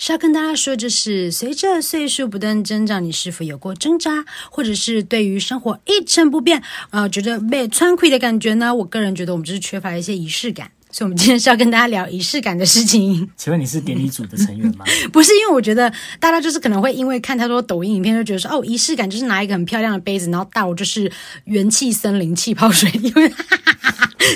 是要跟大家說，就是隨着歲數不斷增長，你是否有過掙扎，或者是對於生活一成不變，呃，覺得被穿潰的感覺呢？我個人覺得我們就是缺乏一些儀式感，所以我們今天是要跟大家聊儀式感的事情。請問你是典禮組的成員嗎？ 不是，因為我覺得大家就是可能會因為看太多抖音影片，就覺得說哦，儀式感就是拿一個很漂亮的杯子，然後倒就是元氣森林氣泡水，因為，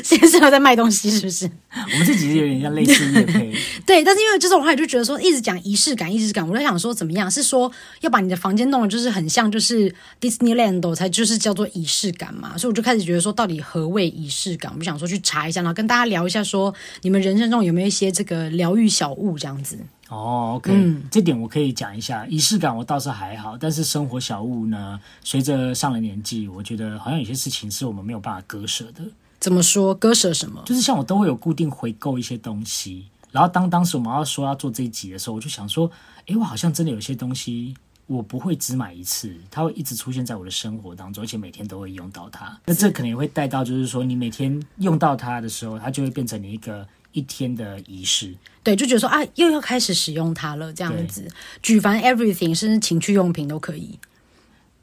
先 生在賣東西，是不是？ 我們這幾日有點像類似業配。 對，但是因為就是我後來就覺得說，一直講儀式感，儀式感，我在想說怎麼樣？是說要把你的房間弄得就是很像就是 Disneyland 才就是叫做儀式感嘛？所以我就開始覺得說，到底何謂儀式感？我想說去查一下，然後跟大家聊一下，說你們人生中有沒有一些這個療癒小物這樣子？哦，OK，、嗯、這點我可以講一下儀式感，我倒是還好，但是生活小物呢，隨着上了年紀，我覺得好像有些事情是我們沒有辦法割舍的。怎麼說？割捨什麼？就是像我都會有固定回購一些東西，然後當當時我們要說要做這一集的時候，我就想說，哎，我好像真的有些東西，我不會只買一次，它會一直出現在我的生活當中，而且每天都會用到它。那這可能也會帶到，就是說你每天用到它的時候，它就會變成你一個一天的儀式。對，就覺得說啊，又要開始使用它了，這樣子，舉凡 everything，甚至情趣用品都可以。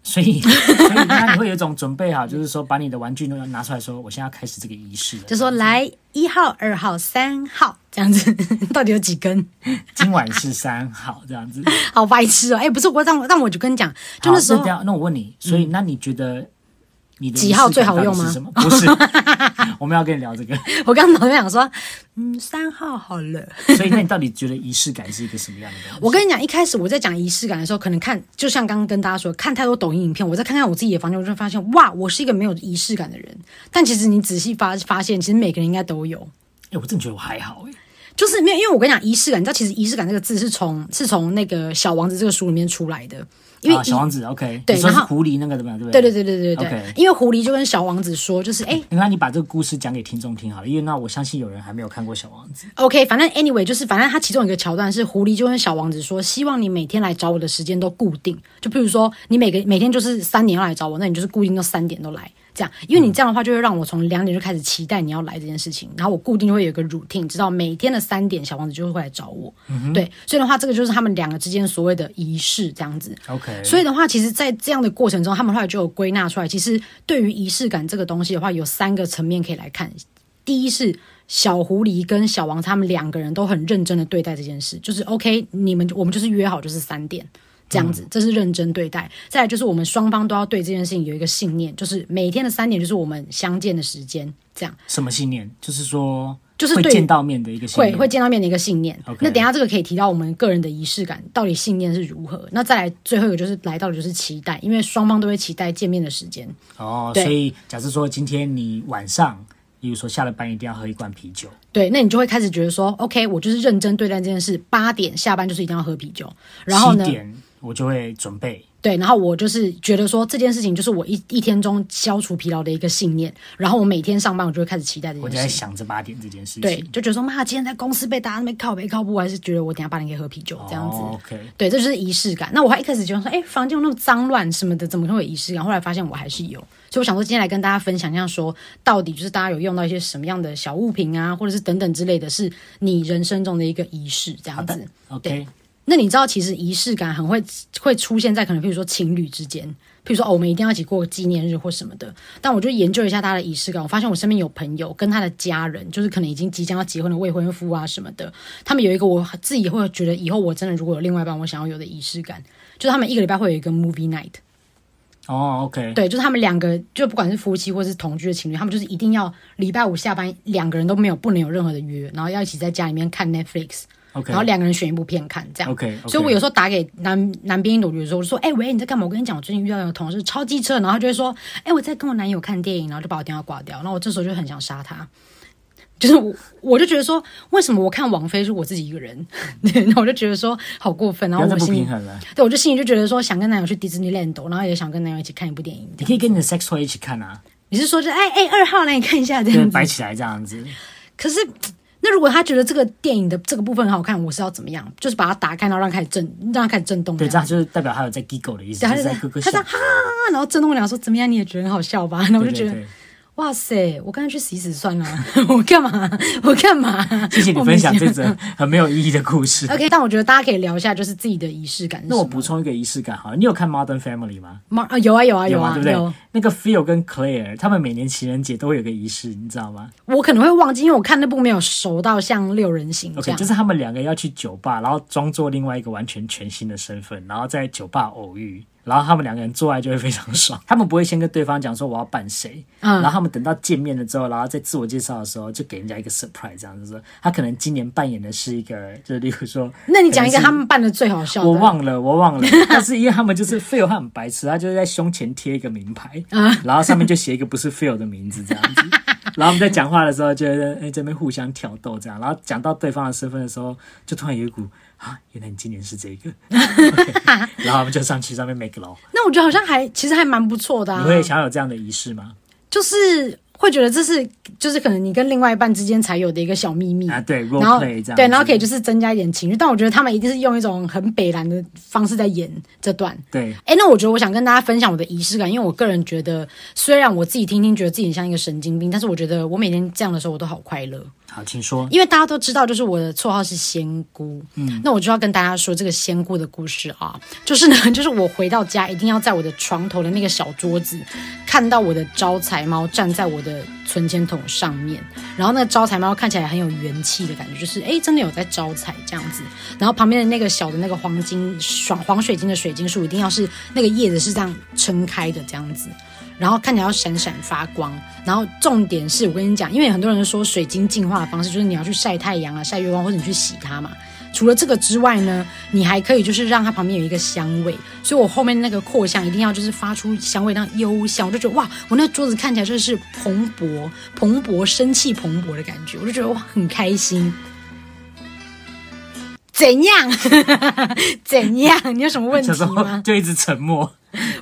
所以，所以那你會有一種準備好，就是說把你的玩具都要拿出來說，我現在要開始這個儀式了，就說來一號、二號、三號這樣子，到底有幾根？今晚是三號這樣子， 好白痴哦、喔！哎、欸，不是，我讓我讓我就跟你講，就是、說那時候，那我問你，所以那你覺得？嗯幾號最好用嗎？不是， 我們要跟你聊這個。 我剛剛腦袋想說，嗯，三號好了。 所以，那你到底覺得儀式感是一個什麼樣的東西？我跟你講，一開始我在講儀式感的時候，可能看，就像剛剛跟大家說，看太多抖音影片，我再看看我自己的房間，我就發現，哇，我是一個沒有儀式感的人。但其實你仔細發發現，其實每個人應該都有。哎、欸，我真的覺得我還好、欸、就是沒有，因為我跟你講儀式感，你知道，其實儀式感這個字是從是從那個小王子這個書裡面出來的。因為、哦、小王子，OK，對，你說是對，然後狐狸那個怎麼樣，對對對對對對、okay. 因為狐狸就跟小王子說，就是哎、欸嗯，那你把這個故事講給聽眾聽好了，因為那我相信有人還沒有看過小王子。OK，反正 anyway，就是反正他其中一個橋段是狐狸就跟小王子說，希望你每天來找我的時間都固定，就譬如說你每個每天就是三點要來找我，那你就是固定到三點都來，這樣，因為你這樣的話就會讓我從兩點就開始期待你要來這件事情，嗯、然後我固定就會有個 routine，直到每天的三點小王子就會來找我。嗯、哼對，所以的話，這個就是他們兩個之間所謂的儀式，這樣子。OK。所以的話，其實，在這樣的過程中，他們後來就有歸納出來，其實對於儀式感這個東西的話，有三個層面可以來看。第一是小狐狸跟小王子他們兩個人都很認真的對待這件事，就是 OK，你們我們就是約好就是三點，這樣子，這是認真對待。再來就是我們雙方都要對這件事情有一個信念，就是每天的三點就是我們相見的時間。這樣什麼信念？就是說，就是會見到面的一個會會見到面的一個信念。就是一信念，okay. 那等一下這個可以提到我們個人的儀式感到底信念是如何。那再來最後一個就是來到的就是期待，因為雙方都會期待見面的時間。哦，所以假設說今天你晚上，比如說下了班一定要喝一罐啤酒。對，那你就會開始覺得說，OK，我就是認真對待這件事。八點下班就是一定要喝啤酒。然後呢？七點我就會準備，對，然後我就是覺得說，這件事情就是我一一天中消除疲勞的一個信念，然後我每天上班，我就會開始期待這件事情。我就在想着八點這件事情，對，就覺得說媽，今天在公司被大家那邊靠北靠北，我還是覺得我等下八點可以喝啤酒，哦，這樣子。OK，對，這就是儀式感。那我還一開始覺得說，哎，房間有那麼髒亂什麼的，怎麼會有儀式感？後來發現我還是有，所以我想說今天來跟大家分享一下說，說到底就是大家有用到一些什麼樣的小物品啊，或者是等等之類的，是你人生中的一個儀式這樣子。OK。對那你知道，其實儀式感很會會出現在可能，比如說情侶之間，比如說哦，我們一定要一起過個紀念日或什麼的。但我就研究一下他的儀式感，我發現我身邊有朋友跟他的家人，就是可能已經即將要結婚的未婚夫啊什麼的，他們有一個我自己會覺得以後我真的如果有另外一半，我想要有的儀式感，就是他們一個禮拜會有一個 movie night、oh,。哦，OK，對，就是他們兩個，就不管是夫妻或是同居的情侶，他們就是一定要禮拜五下班，兩個人都沒有不能有任何的約，然後要一起在家裡面看 Netflix。Okay, 然後兩個人選一部片看，這樣。OK, okay。所以，我有時候打給男男邊一朵的時候，我就說：“哎、欸，喂，你在幹嘛？我跟你講，我最近遇到一個同事超機車，然後他就會說：‘哎、欸，我在跟我男友看電影，然後就把我電話掛掉。’然後我這時候就很想殺他，就是我我就覺得說，為什麼我看王菲是我自己一個人對？然後我就覺得說好過分，然後我心不，不平衡了。對，我就心裡就覺得說，想跟男友去 Disneyland，然後也想跟男友一起看一部電影。你可以跟你的 sex toy 一起看啊？你是說就，哎、欸、哎，二、欸、號來你看一下，這樣對擺起來這樣子？可是。那如果他覺得這個電影的這個部分很好看，我是要怎麼樣？就是把它打開，然後讓它開始震，讓它開始震動。對，這樣就是代表他有在 giggle 的意思，對，他就是、在他在咯咯笑。他說哈，然後震動我倆說怎麼樣？你也覺得很好笑吧？然後我就覺得。對對對哇塞！我剛才去洗屎算了， 我幹嘛？我幹嘛？謝謝你分享這個很沒有意義的故事。 OK，但我覺得大家可以聊一下，就是自己的儀式感。那我補充一個儀式感，好了，你有看《Modern Family》嗎？有啊有啊有，有啊，對不對？那個 Phil 跟 Claire，他們每年情人節都會有個儀式，你知道嗎？我可能會忘記，因為我看那部沒有熟到像六人行。OK，就是他們兩個要去酒吧，然後裝作另外一個完全全新的身份，然後在酒吧偶遇。然後他們兩個人做愛就會非常爽。他們不會先跟對方講說我要扮誰，然後他們等到見面了之後，然後再自我介紹的時候，就給人家一個 surprise，這樣子說，他可能今年扮演的是一個，就是例如說，那你講一個他們扮的最好笑。我忘了，我忘了。但是因為他們就是 Phil 他很白痴，他就是在胸前貼一個名牌，然後上面就寫一個不是 Phil 的名字這樣子，然後我們在講話的時候就這邊互相挑逗這樣，然後講到對方的身份的時候，就突然有一股。啊，原來你今年是這個，okay, 然後我們就上去上面 make 嘍。 那我覺得好像還其實還蠻不錯的，啊。你會想要有這樣的儀式嗎？就是會覺得這是就是可能你跟另外一半之間才有的一個小秘密啊。對，然後、Roleplay、這樣，對，然後可以就是增加一點情緒。但我覺得他們一定是用一種很北爛的方式在演這段。對，哎，那我覺得我想跟大家分享我的儀式感，因為我個人覺得，雖然我自己聽聽覺得自己很像一個神經病，但是我覺得我每天這樣的時候我都好快樂。好，請說。因為大家都知道，就是我的綽號是仙姑，嗯，那我就要跟大家說這個仙姑的故事啊。就是呢，就是我回到家，一定要在我的床頭的那個小桌子，看到我的招財貓站在我的存錢筒上面，然後那個招財貓看起來很有元氣的感覺，就是哎、欸，真的有在招財這樣子。然後旁邊的那個小的那個黃金爽黃水晶的水晶樹，一定要是那個葉子是這樣撐開的這樣子。然後看起來要閃閃發光，然後重點是我跟你講，因為很多人說水晶淨化的方式就是你要去曬太陽啊、曬月光，或者你去洗它嘛。除了這個之外呢，你還可以就是讓它旁邊有一個香味，所以我後面那個擴香一定要就是發出香味，當幽香，我就覺得哇，我那桌子看起來就是蓬勃、蓬勃、生氣蓬勃的感覺，我就覺得哇很開心。怎樣？ 怎樣？你有什麼問題嗎？就一直沉默。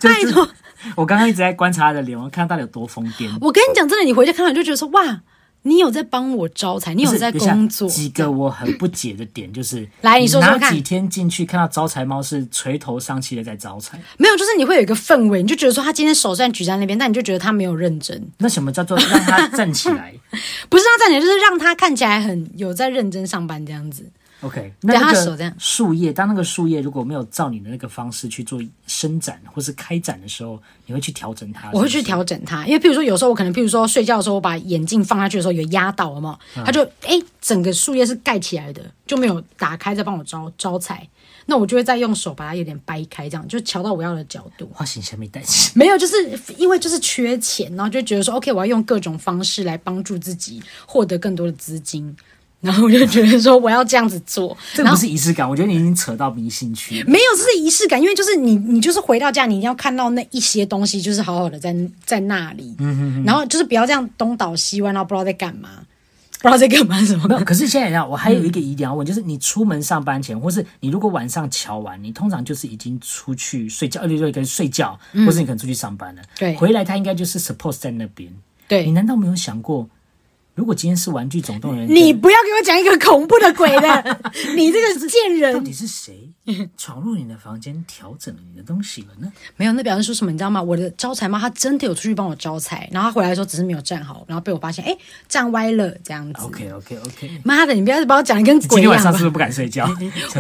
拜託。哎我剛剛一直在觀察他的臉，我看到他到底有多瘋癲。我跟你講真的，你回家看到你就覺得說哇，你有在幫我招財，你有在工作。有幾個我很不解的點就是， 來你說說我看。幾天進去看到招財貓是垂頭喪氣的在招財，沒有，就是你會有一個氛圍，你就覺得說他今天手雖然舉在那邊，但你就覺得他沒有認真。那什麼叫做讓他站起來？ 不是讓他站起來，就是讓他看起來很有在認真上班這樣子。OK，那，那對，他手這樣樹葉，當那個樹葉如果沒有照你的那個方式去做伸展或是開展的時候，你會去調整它是不是？我會去調整它，因為譬如說有時候我可能，譬如說睡覺的時候，我把眼鏡放下去的時候有壓倒了嘛，它就哎、欸、整個樹葉是蓋起來的，就沒有打開再幫我招招財，那我就會再用手把它有點掰開，這樣就調到我要的角度。哇行，先沒帶起，沒有，就是因為就是缺錢，然後就覺得說 OK，我要用各種方式來幫助自己獲得更多的資金。然後我就覺得說我要這樣子做，這不是儀式感，我覺得你已經扯到迷信去了。沒有，這是儀式感，因為就是你，你就是回到家，你一定要看到那一些東西，就是好好的在在那裡。嗯哼哼，然後就是不要這樣東倒西歪，然後不知道在幹嘛，不知道在幹嘛什麼的。 可是現在啊，我還有一個疑點要問、嗯，就是你出門上班前，或是你如果晚上瞧完，你通常就是已經出去睡覺，二六六可以睡覺，或是你可能出去上班了。嗯、對。回來他應該就是 supposed 在那邊。對。你難道沒有想過？如果今天是玩具總動員，你不要給我講一個恐怖的鬼的，你這個賤人！到底是誰闖入你的房間，調整了你的東西了呢？沒有，那表示說什麼你知道嗎？我的招財貓它真的有出去幫我招財，然後它回來的時候只是沒有站好，然後被我發現，哎，站歪了這樣子。OK OK OK，媽的，你不要把我講跟鬼一樣！今天晚上是不是不敢睡覺？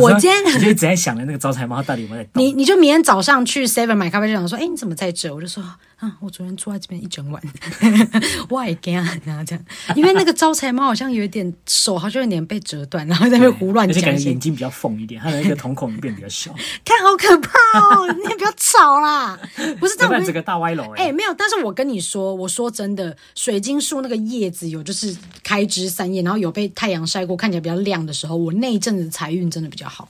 我今天你就只在想着那個招財貓到底有沒有在？你你就明天早上去 Seven 買咖啡就想說，哎，你怎麼在這？我就說啊，我昨天坐在這邊一整晚，why？這樣，因為。 但那個招財貓好像有一點手，好像有點被折斷，然後在那邊胡亂講，感覺眼睛比較縫一點，它 的那個瞳孔變比較小， 看好可怕哦！你也不要吵啦，不是這樣子， 個大歪樓哎、欸欸，沒有，但是我跟你說，我說真的，水晶樹那個葉子有就是開枝散葉，然後有被太陽曬過，看起來比較亮的時候，我那陣子財運真的比較好，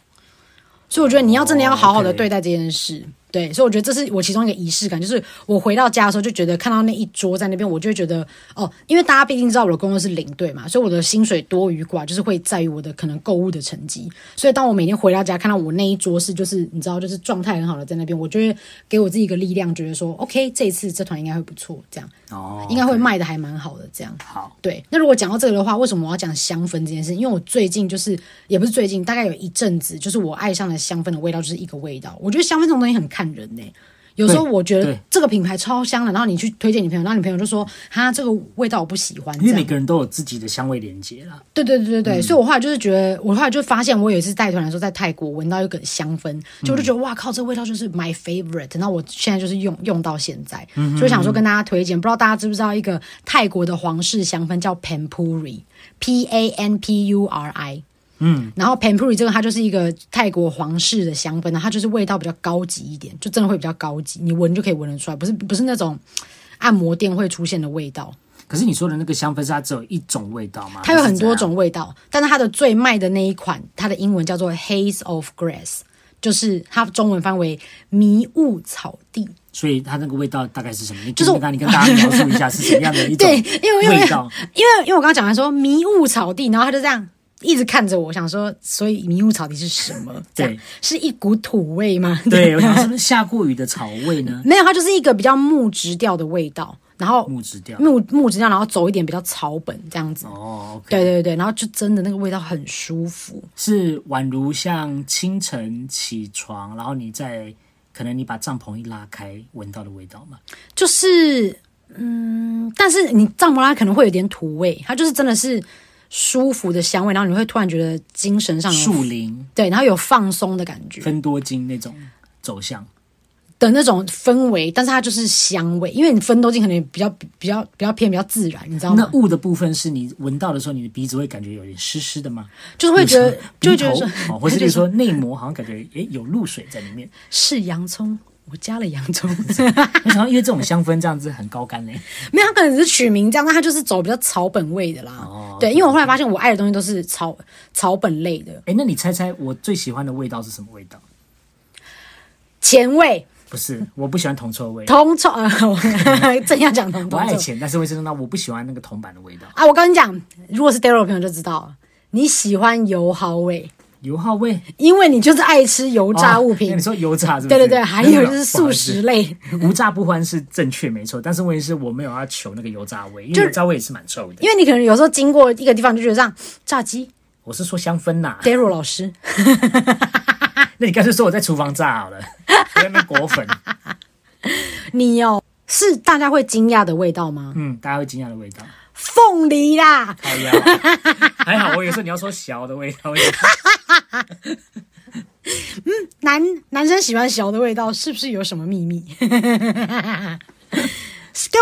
所以我覺得你要真的要好好的對待這件事。Oh, okay. 對，所以我覺得這是我其中一個儀式感，就是我回到家的時候就覺得看到那一桌在那邊，我就會覺得哦，因為大家畢竟知道我的工作是領隊嘛，所以我的薪水多與寡就是會在於我的可能購物的成績。所以當我每天回到家看到我那一桌是就是你知道就是狀態很好的在那邊，我就會給我自己一個力量，覺得說 OK，這一次這團應該會不錯，這樣哦，應該會賣得還蠻好的這樣。好，oh, okay，對，那如果講到這個的話，為什麼我要講香氛這件事？因為我最近就是也不是最近，大概有一陣子，就是我愛上了香氛的味道，就是一個味道，我覺得香氛這種東西很開。看人呢、欸，有時候我覺得這個品牌超香的，然後你去推薦你朋友，然後你朋友就說：“他這個味道我不喜歡。”因為每個人都有自己的香味連接了。對對對對對、嗯，所以我後來就是覺得，我後來就發現，我有一次帶團的時候在泰國聞到一個香氛，嗯、就我就覺得哇靠，這個、味道就是 my favorite。那我現在就是用用到現在，就、嗯嗯嗯、想說跟大家推薦，不知道大家知不知道一個泰國的皇室香氛叫 Panpuri，P A N P U R I。嗯，然後 Panpuri 這個它就是一個泰國皇室的香氛，然後它就是味道比較高級一點，就真的會比較高級，你聞就可以聞得出來，不是不是那種按摩店會出現的味道。可是你說的那個香氛，它只有一種味道嗎？它有很多種味道，但是它的最賣的那一款，它的英文叫做 Haze of Grass，就是它中文翻為迷霧草地。所以它那個味道大概是什麼？你就是跟，就是、你跟大家描述一下是什麼樣的一種味道 因為因為因為因為我剛剛講完說迷霧草地，然後它就這樣。一直看着我，想說，所以迷霧草地是什麼？ 對，這樣，是一股土味嗎？對， 我想說下過雨的草味呢？沒有，它就是一個比較木質調的味道，然後木質調木木質調，然後走一點比較草本這樣子。哦、okay，對對對，然後就真的那個味道很舒服，是宛如像清晨起床，然後你在可能你把帳篷一拉開，聞到的味道嗎？就是，嗯，但是你帳篷拉可能會有點土味，它就是真的是。舒服的香味，然後你會突然覺得精神上有樹林，對，然後有放鬆的感覺。芬多精那種走向的那種氛圍，但是它就是香味，因為你芬多精可能比較比較比較比較偏比較自然，你知道嗎？那霧的部分是你聞到的時候，你的鼻子會感覺有點濕濕的嗎？就是會覺得，就會覺得，哦覺得，或者就是說內膜好像感覺誒有露水在裡面，是洋蔥。我加了洋蔥，然 後 因為這種香氛這樣子很高干竿嘞。 沒有，他可能只是取名這樣，但他就是走比較草本味的啦。Oh, okay. 對，因為我後來發現我愛的東西都是草草本類的。哎、欸，那你猜猜我最喜歡的味道是什麼味道，前味？不是，我不喜歡銅臭味。銅 臭，正、呃、要講銅臭， 我愛錢，但是為什麼呢？我不喜歡那個銅板的味道。 啊，我跟你講，如果是 d a y l 的朋友就知道，你喜歡油耗味。油耗味，因為你就是愛吃油炸物品。哦、你說油炸是不是？是對對對，還有就是素食類， 無炸不歡是正確沒錯。但是問題是，我沒有要求那個油炸味，因為油炸味也是蠻臭的。因為你可能有時候經過一個地方就覺得像炸雞。我是說香氛吶，Darry 老師。 那你乾脆說我在廚房炸好了， 在那裹粉。你哦，是大家會驚訝的味道嗎？嗯，大家會驚訝的味道。鳳梨啦， 還好我有時候你要說小的味道， 嗯，男男生喜歡小的味道，是不是有什麼秘密？該 不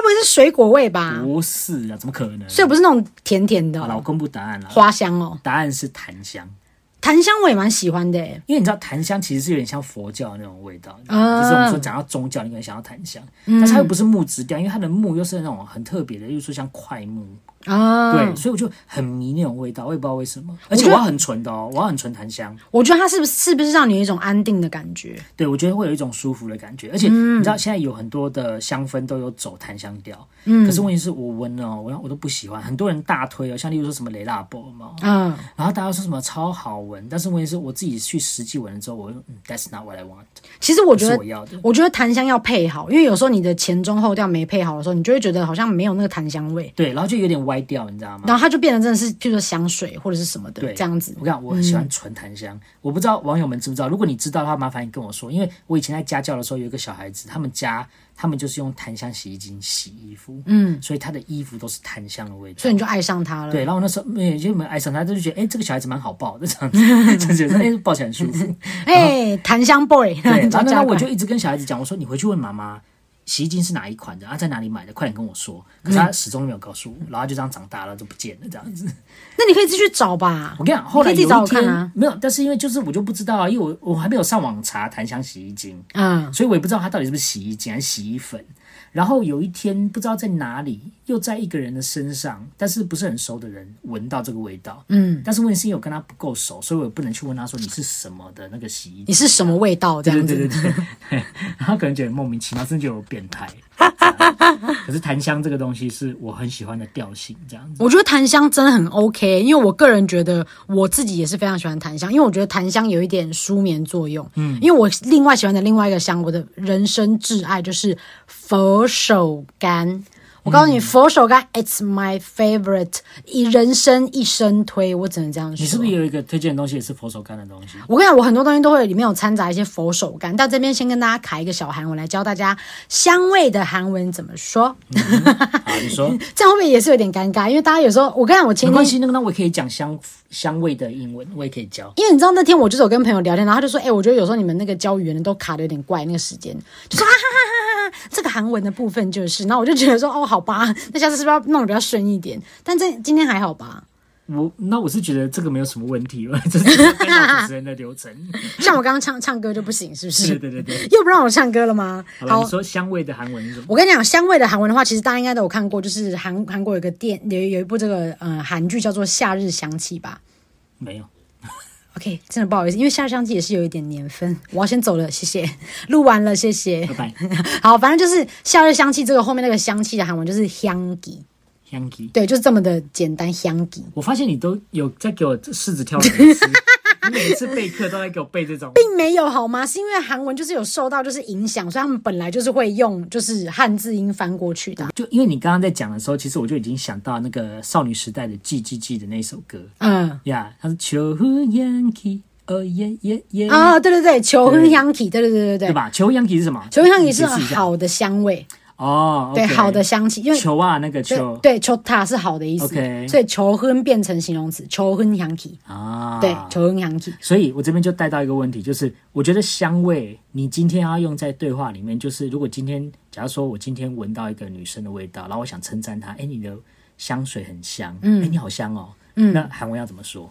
會是水果味吧？不是啊，怎麼可能？所以不是那種甜甜的、哦。我公布答案了，花香哦。答案是檀香。檀香我也蠻喜歡的，欸，因為你知道檀香其實是有點像佛教的那種味道，嗯、就是我們說講到宗教，你可能想到檀香、嗯，但是它又不是木質調，因為它的木又是那種很特別的，又說像檜木。啊、uh，對，所以我就很迷那種味道，我也不知道為什麼，而且我要很純的哦，我，我要很純檀香。我覺得它是不是不是讓你有一種安定的感覺？對，我覺得會有一種舒服的感覺。而且、嗯、你知道，現在有很多的香氛都有走檀香調，嗯，可是問題是我聞哦，我我都不喜歡。很多人大推哦，像例如說什麼雷拉波嘛，嗯，然後大家說什麼超好聞，但是問題是我自己去實際聞了之後，我說嗯，That's not what I want。其實我覺得我我覺得檀香要配好，因為有時候你的前中後調沒配好的時候，你就會覺得好像沒有那個檀香味。對，然後就有點歪。開掉，你知道嗎？然後它就變成真的是，譬如說香水或者是什麼的這樣子。我跟你講，我很喜歡純檀香、嗯，我不知道網友們知不知道。如果你知道的話，麻煩你跟我說，因為我以前在家教的時候，有一個小孩子，他們家他們就是用檀香洗衣精洗衣服，嗯，所以他的衣服都是檀香的味道。所以你就愛上他了，對。然後我那時候，嗯，就沒有愛上他，就覺得，哎、欸，這個小孩子蠻好抱的，那這樣子、 欸，抱起來很舒服。哎 檀香 boy 然。然後我就一直跟小孩子講，我說你回去問媽媽。洗衣精是哪一款的？啊，在哪裡買的？快點跟我說！可是他始終沒有告訴我，嗯，然後就這樣長大了，就不見了，這樣子。那你可以繼續找吧。我跟你講，後來有一天，你可以自己找我看啊。沒有，但是因為就是我就不知道，啊，因為我我還沒有上網查檀香洗衣精，嗯，所以我也不知道它到底是不是洗衣精還是洗衣粉。然後有一天不知道在哪裡。又在一個人的身上，但是不是很熟的人聞到這個味道，嗯，但是問題是因為我跟他不夠熟，所以我不能去問他說，你是什麼的那個洗衣，你是什麼味道這樣子，對對對，對， 然後可能覺得莫名其妙，甚至有變態， 知道嗎？ 可是檀香這個東西是我很喜歡的調性這樣子。我覺得檀香真的很 OK，因為我個人覺得我自己也是非常喜歡檀香，因為我覺得檀香有一點舒眠作用，嗯，因為我另外喜歡的另外一個香，我的人生摯愛就是佛手柑。我告訴你，嗯嗯，佛手柑，it's my favorite，以人生一生推，我只能這樣說。你是不是有一個推薦的東西也是佛手柑的東西？我跟你講，我很多東西都會有裡面有摻雜一些佛手柑。到這邊先跟大家卡一個小韓文來教大家香味的韓文怎麼說。嗯嗯，你說， 這樣後面也是有點尷尬，因為大家有時候，我跟你講，我前天沒關係，那個那我可以講香香味的英文，我也可以教。因為你知道那天我就是有跟朋友聊天，然後他就說，哎、欸，我覺得有時候你們那個教語言都卡的有點怪，那個時間，就說哈哈哈。 這個韓文的部分就是，那我就覺得說，哦，好吧，那下次是不是要弄得比較順一點？但這今天還好吧？我那我是覺得這個沒有什麼問題了，這是主持人的流程。 像我剛剛唱唱歌就不行，是不是？是對對對，又不讓我唱歌了嗎？好，好你說香味的韓文是什麼，我跟你講，香味的韓文的話，其實大家應該都有看過，就是韓韓國有個電有有一部這個呃韓劇叫做《夏日香氣》吧？沒有。OK，真的不好意思，因為夏日香氣也是有一點年份。我要先走了，謝謝。錄完了，謝謝。拜拜。好，反正就是夏日香氣這個後面那個香氣的韓文就是香기，香吉。對，就是這麼的簡單，香기。我發現你都有在給我試紙跳。 每次備課都在給我背這種， 並沒有好嗎？是因為韓文就是有受到就是影響，所以他們本來就是會用就是漢字音翻過去的。就因為你剛剛在講的時候，其實我就已經想到那個少女時代的“ G G G 的那首歌。嗯，呀、yeah，他、嗯、是“求煙氣哦耶耶耶。啊，對對對，求煙氣，k 對對對對對，對吧？求煙氣是什麼？求煙氣是好的香味。哦、oh, okay,，對，好的香氣，因為秋啊那個秋，對，對秋它是好的意思，okay, 所以秋哼變成形容詞，秋哼香氣啊，對，秋哼香氣。所以我這邊就帶到一個問題，就是我覺得香味，你今天要用在對話裡面，就是如果今天，假如說我今天聞到一個女生的味道，然後我想稱讚她，哎、欸，你的香水很香，嗯，哎、欸，你好香哦、喔，嗯，那韓文要怎麼說？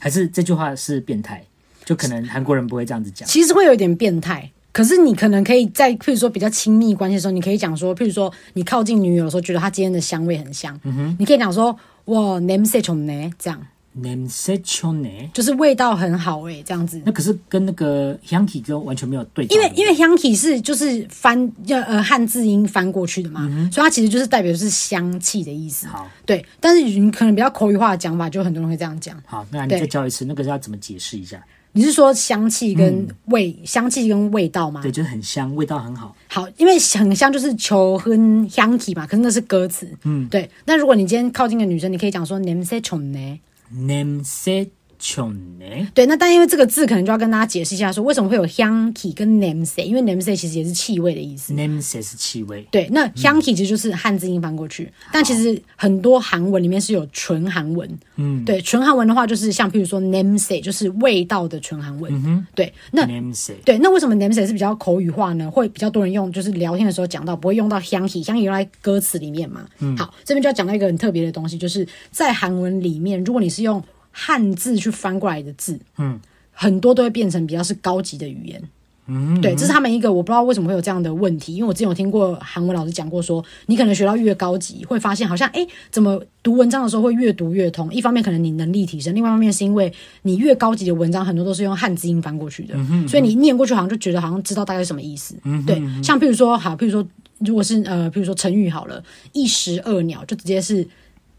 還是這句話是變態，就可能韓國人不會這樣子講，其實會有點變態。可是你可能可以在，譬如說比較親密關係的時候，你可以講說，譬如說你靠近女友的時候，覺得她今天的香味很香，你可以講說哇、嗯，哇，nam se chon ne 這樣、嗯、就是味道很好哎、欸，這樣子。那可是跟那個香氣就完全沒有對，因為因為香氣是就是翻，呃，漢字音翻過去的嘛、嗯，所以它其實就是代表是香氣的意思。好，對，但是你可能比較口語化的講法，就很多人會這樣講。好，那、啊、你再教一次，那個是要怎麼解釋一下？你是說香氣跟味，嗯、香氣跟味道嗎？對，就是很香，味道很好。好，因為很香就是秋哼香氣嘛，可是那是歌詞。嗯，對。那如果你今天靠近個女生，你可以講說 “nam se chong ne”，“nam se”。嗯，你窮呢、欸？對，那但因為這個字可能就要跟大家解釋一下，說為什麼會有香氣跟냄새，因為냄새其實也是氣味的意思。냄새是氣味。對，那香氣其實就是漢字音翻過去，嗯、但其實很多韓文裡面是有純韓文。嗯，對，純韓文的話就是像譬如說냄새就是味道的純韓文。嗯哼，對，那냄새對，那為什麼냄새是比較口語化呢？會比較多人用，就是聊天的時候講到，不會用到香氣，香氣用在歌詞裡面嘛。嗯，好，這邊就要講到一個很特別的東西，就是在韓文裡面，如果你是用。漢字去翻過來的字，嗯，很多都會變成比較是高級的語言，嗯，對，這是他們一個我不知道為什麼會有這樣的問題，因為我之前有聽過韓文老師講過說，說你可能學到越高級，會發現好像哎，欸，怎麼讀文章的時候會越讀越通，一方面可能你能力提升，另外一方面是因為你越高級的文章很多都是用漢字音翻過去的，嗯，所以你念過去好像就覺得好像知道大概什麼意思，嗯，對，像譬如說好，譬如說如果是呃，比如說成語好了，一石二鳥，就直接是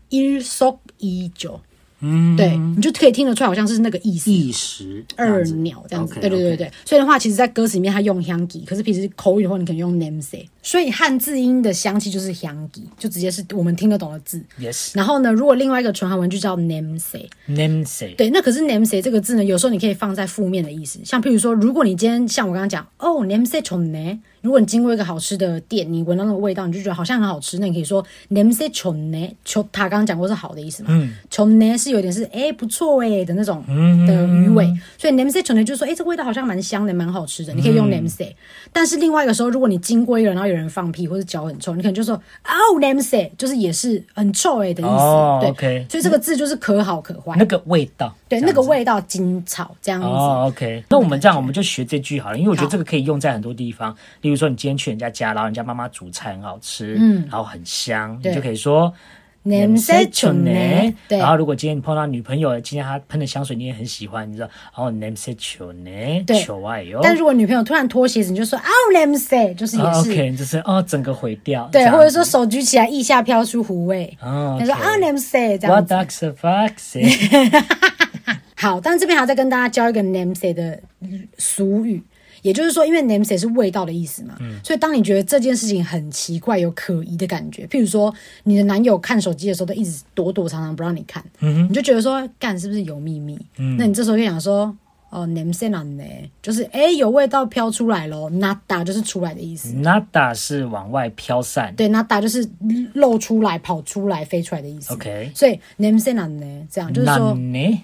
一搜一九。嗯、mm -hmm.，對，你就可以聽得出來，好像是那個意思，一石二鳥這樣子。Okay, 對對對對，okay. 所以的話，其實，在歌詞裡面，它用 hyanggi，可是平時口語的話，你可能用 namse。所以漢字音的香氣就是 hyanggi，就直接是我們聽得懂的字。Yes. 然後呢，如果另外一個純韓文就叫 namse，namse。對，那可是 namse 這個字呢，有時候你可以放在負面的意思，像譬如說，如果你今天像我剛剛講，哦，namse 秋餒。如果你經過一個好吃的店，你聞到那個味道，你就覺得好像很好吃，那你可以說 n a m s e chonne，ch，他剛剛講過是好的意思嘛？嗯，chonne 是有點是哎、欸、不錯哎的那種的餘味、嗯，所以 n a m s e chonne 就是、說哎、欸、這個、味道好像蠻香的，蠻好吃的，你可以用 n a m s e 但是另外一個時候，如果你經過一個，然後有人放屁或者腳很臭，你可能就說哦 n a m s e 就是也是很臭哎的意思。哦、對，okay, 所以這個字就是可好可壞，那個味道，對，那個味道精草這樣子,這樣子、哦。OK，那我們這樣我們就學這句好了，因為我覺得這個可以用在很多地方。比如說，你今天去人家家，然後人家媽媽煮菜很好吃，嗯，然後很香，你就可以說 Namsetchuney。然後，如果今天你碰到女朋友，今天她噴的香水你也很喜歡，你知道，然後 Namsetchuney。對，求愛喲。但是如果女朋友突然脫鞋子，你就說啊 Namset，就是也是、啊、OK，就是哦整個毀掉。對，或者說手舉起來，腋下飄出狐味。哦、啊，他、okay, 說啊 Namset，這樣子。我 Ducks a fox。好，但是這邊還在跟大家教一個 Namset 的俗語。也就是說，因為 namesay 是味道的意思嘛、嗯，所以當你覺得這件事情很奇怪、有可疑的感覺，譬如說你的男友看手機的時候都一直躲躲藏藏不讓你看、嗯，你就覺得說，幹是不是有秘密？嗯、那你這時候就想說。哦，냄새나네，就是誒、欸，有味道飄出來嘍。나다就是出來的意思。나다是往外飄散。對，나다就是露出來、跑出來、飛出來的意思。OK。所以냄새나네這樣就是說，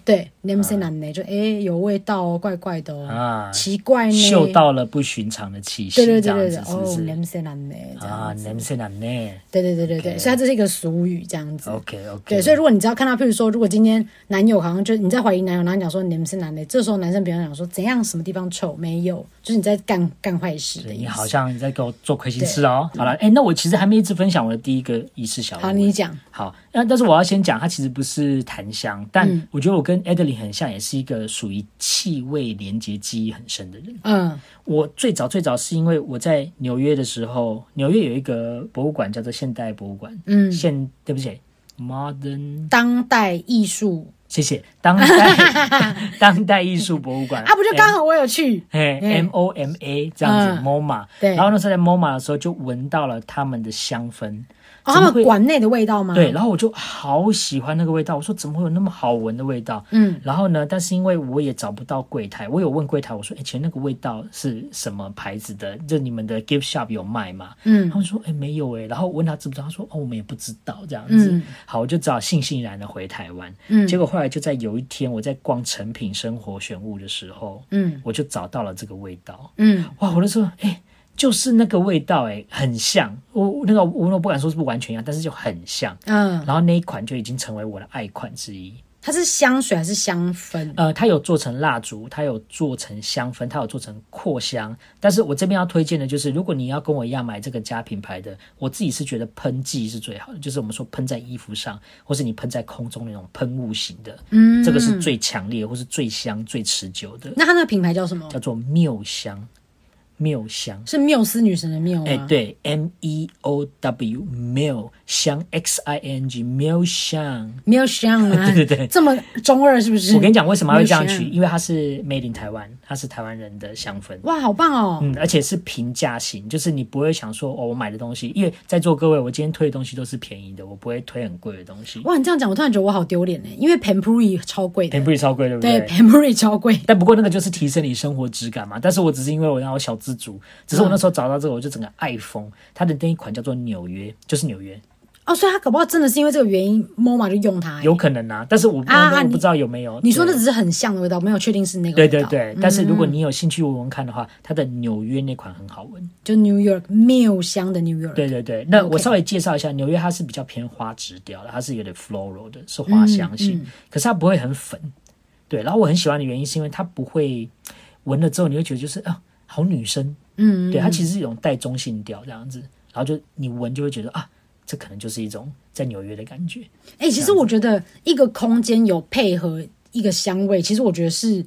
對，냄새나네就誒、欸，有味道、喔，怪怪的、喔啊，奇怪呢，嗅到了不尋常的氣息。對對對對對，哦，냄새나네這樣子，냄새나네，對對對對對。Okay. 所以它這是一個俗語這樣子。OK OK。對，所以如果你只要看到，譬如說，如果今天男友好像就你在懷疑男友，然後你講說냄새나네，這時候男生。跟別人講說，怎樣？什麼地方臭？沒有，就是你在幹幹壞事。你好像你在給我做虧心事哦、喔。好了，哎、嗯欸，那我其實還沒一直分享我的第一個儀式小好，你講好。但、啊、但是我要先講，它其實不是檀香，但我覺得我跟 Adeline 很像，也是一個屬於氣味連結記憶很深的人。嗯，我最早最早是因為我在紐約的時候，紐約有一個博物館叫做現代博物館。嗯，現對不起？modern 當代藝術，謝謝當代 當代藝術博物館 啊，不就剛好我有去，M O M A 這樣子、嗯、M O M A、嗯、M -O -M -A 然後那時候在 M O M A 的時候就聞到了他們的香氛。他們館內的味道嗎？對，然後我就好喜歡那個味道。我說怎麼會有那麼好聞的味道？嗯，然後呢？但是因為我也找不到櫃台，我有問櫃台，我說：“哎、欸，其實那個味道是什麼牌子的？就你們的 gift shop 有賣嗎？”嗯，他們說：“哎、欸，沒有哎、欸。”然後我問他知不知道，他說：“哦，我們也不知道。”這樣子、嗯。好，我就只好悻悻然的回台灣。嗯，結果後來就在有一天，我在逛成品生活選物的時候，嗯，我就找到了這個味道。嗯，哇！我就說，哎、欸。就是那個味道哎、欸，很像我那個，我不敢說是不完全一樣，但是就很像。嗯，然後那一款就已經成為我的愛款之一。它是香水還是香氛？呃，它有做成蠟燭，它有做成香氛，它有做成擴香。但是我這邊要推薦的就是，如果你要跟我一樣買這個家品牌的，我自己是覺得噴劑是最好的，就是我們說噴在衣服上，或是你噴在空中那種噴霧型的。嗯，這個是最強烈或是最香、最持久的。那它那個品牌叫什麼？叫做妙香。繆香是繆斯女神的繆嗎？哎、欸、對，M E O W 妙香 X I N G 妙香妙香啊， 對對對，這麼中二是不是？我跟你講，為什麼會這樣取？因為它是 made in 台灣，它是台灣人的香氛。哇，好棒哦！嗯，而且是平價型，就是你不會想說哦，我買的東西，因為在座各位，我今天推的東西都是便宜的，我不會推很貴的東西。哇，你這樣講，我突然覺得我好丟臉哎，因為 Panpuri 超貴，Panpuri 超貴，對不對？Panpuri 超貴，但不過那個就是提升你生活質感嘛。 但是我只是因為我讓我小資。只是我那時候找到這個，我就整個愛瘋，它的那一款叫做紐約，就是紐約。哦，所以它搞不好真的是因為這個原因，MoMA 就用它。欸，有可能吶，啊，但是我不、啊、我不知道有沒有。你，你說的只是很像的味道，沒有確定是那個對對對、嗯，但是如果你有興趣聞聞看的話，它的紐約那款很好聞，就 New York 木香的 New York。對對對，那我稍微介紹一下，紐、okay. 約它是比較偏花植調的，它是有點 floral 的，是花香型，嗯嗯，可是它不會很粉。對，然後我很喜歡的原因是因為它不會聞了之後，你會覺得就是，啊好女生，嗯，對，它其實是一種帶中性調這樣子，然後就你聞就會覺得啊，這可能就是一種在紐約的感覺。哎、欸，其實我覺得一個空間有配合一個香味，其實我覺得是。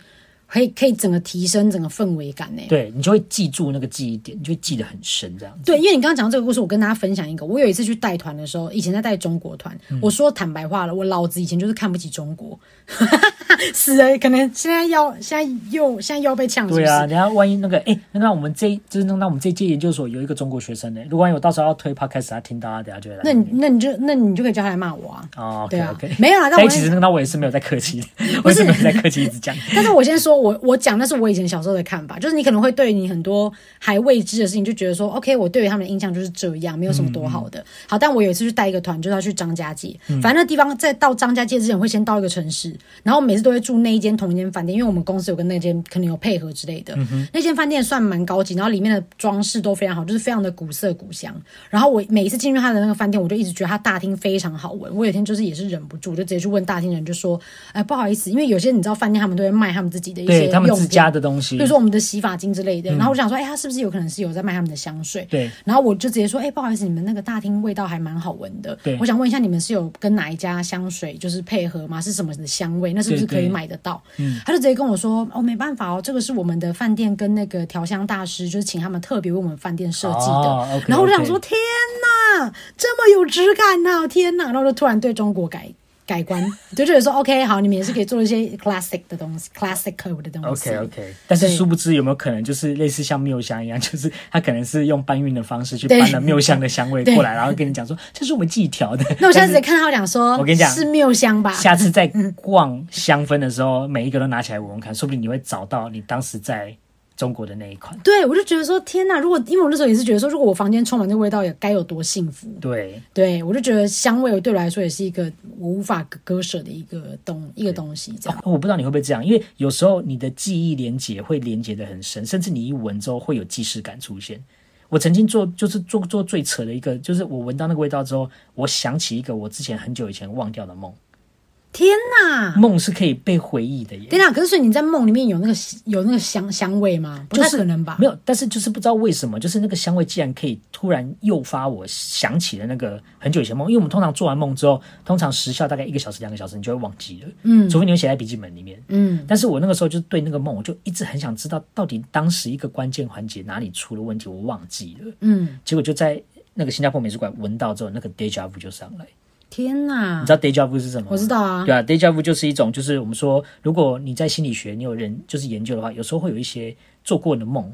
可以可以整個提升整個氛圍感呢、欸。對，你就會記住那個記憶點，你就會記得很深這樣子。對，因為你剛剛講這個故事，我跟大家分享一個，我有一次去帶團的時候，以前在帶中國團、嗯，我說坦白話了，我老子以前就是看不起中國，哈哈哈，是欸，可能現在要現在又現在又要被嗆了。對啊，你要萬一那個誒、欸，那那個、我們這就是那我們這屆研究所有一個中國學生呢、欸，如果萬一我到時候要推 Podcast，他聽到家，大家就來。那你那你就那你就可以叫他來罵我啊。哦，okay, okay 對 o、啊、沒有啊，但我其實那我也是沒有在客氣，不是，我也是沒有在客氣，一直講。 但是我先說。我我講那是我以前小時候的看法，就是你可能會對你很多還未知的事情就覺得說，OK，我對於他們的印象就是這樣，沒有什麼多好的。好，但我有一次去帶一個團，就是、要去張家界，反正那地方在到張家界之前會先到一個城市，然後每次都會住那一間同一間飯店，因為我們公司有跟那間可能有配合之類的，那間飯店算蠻高級，然後裡面的裝飾都非常好，就是非常的古色古香。然後我每一次進入他的那個飯店，我就一直覺得他大廳非常好聞。我有一天就是也是忍不住，就直接去問大廳人，就說，哎、欸，不好意思，因為有些你知道飯店他們都會賣他們自己的。對他們自家的東西，比如說我們的洗髮精之類的、嗯，然後我想說，哎、欸，他是不是有可能是有在賣他們的香水？對。然後我就直接說，哎、欸，不好意思，你們那個大廳味道還蠻好聞的。對。我想問一下，你們是有跟哪一家香水就是配合嗎？是什麼的香味？那是不是可以買得到？對對對，嗯。他就直接跟我說，哦，沒辦法哦，這個是我們的飯店跟那個調香大師，就是請他們特別為我們飯店設計的。哦、okay，然後我就想說，okay。天吶，這麼有質感吶、啊，天吶！然後就突然對中國改。改觀，就覺得說 OK，好，你們也是可以做一些 classic 的東西，classic code 的東西。OK，OK okay, okay。但是殊不知有沒有可能，就是類似像妙香一樣，就是他可能是用搬運的方式去搬了妙香的香味過來，然後跟你講說這是我們自己調的。 那我下次再看到他講說，我跟你講是妙香吧。下次再逛香氛的時候， 每一個都拿起來聞聞看，說不定你會找到你當時在。中國的那一款，對，我就覺得說，天哪！如果因為我那時候也是覺得說，如果我房間充滿那個味道，也該有多幸福。對，對我就覺得香味對我來說也是一個我無法割捨的一個東一個東西。這樣、哦，我不知道你會不會這樣，因為有時候你的記憶連結會連結的很深，甚至你一聞之後會有既視感出現。我曾經做就是做做最扯的一個，就是我聞到那個味道之後，我想起一個我之前很久以前忘掉的夢。天哪，夢是可以被回憶的耶！天哪，可是你在夢裡面有那個有那個香香味嗎？不太可能吧？就是，沒有，但是就是不知道為什麼，就是那個香味竟然可以突然誘發我想起了那個很久以前夢。因為我們通常做完夢之後，通常時效大概一個小時、兩個小時，你就會忘記了。嗯。除非你有寫在筆記本裡面。嗯。但是我那個時候就對那個夢，我就一直很想知道，到底當時一個關鍵環節哪裡出了問題，我忘記了。嗯。結果就在那個新加坡美術館聞到之後，那個 deja vu 就上來。天哪，你知道 deja vu 是什麼？我知道啊。對啊，deja vu 就是一種，就是我們說，如果你在心理學，你有人就是研究的話，有時候會有一些做過的夢，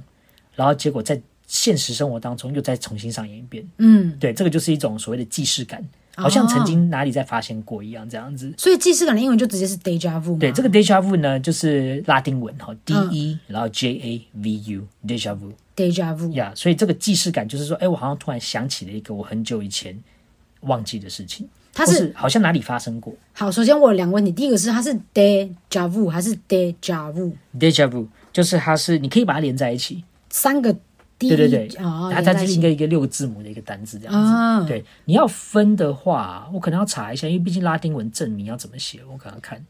然後結果在現實生活當中又再重新上演一遍。嗯，對，這個就是一種所謂的既視感，好像曾經哪裡在發現過一樣。哦哦，這樣子。所以，既視感的英文就直接是 deja vu。對，這個 deja vu 呢，就是拉丁文哈、哦嗯、d e 然後 j a v u deja vu deja vu。呀，yeah, 所以這個既視感就是說，哎，我好像突然想起了一個我很久以前忘記的事情。它是，是好像哪裡發生過？好，首先我有兩個問題，第一個是它是 deja vu 還是 deja vu？deja vu 就是它是你可以把它連在一起三個，對對對，它、哦哦、它就是一個一個六個字母的一個單字這樣子、哦。對，你要分的話，我可能要查一下，因為畢竟拉丁文正名要怎麼寫，我可能要看。